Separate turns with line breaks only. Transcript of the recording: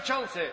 przewodniczący!